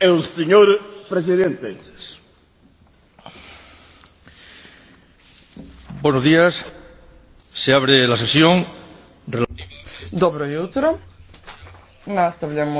El señor presidente. Buenos días. Se abre la sesión. Dobro jutro. Nastavljamo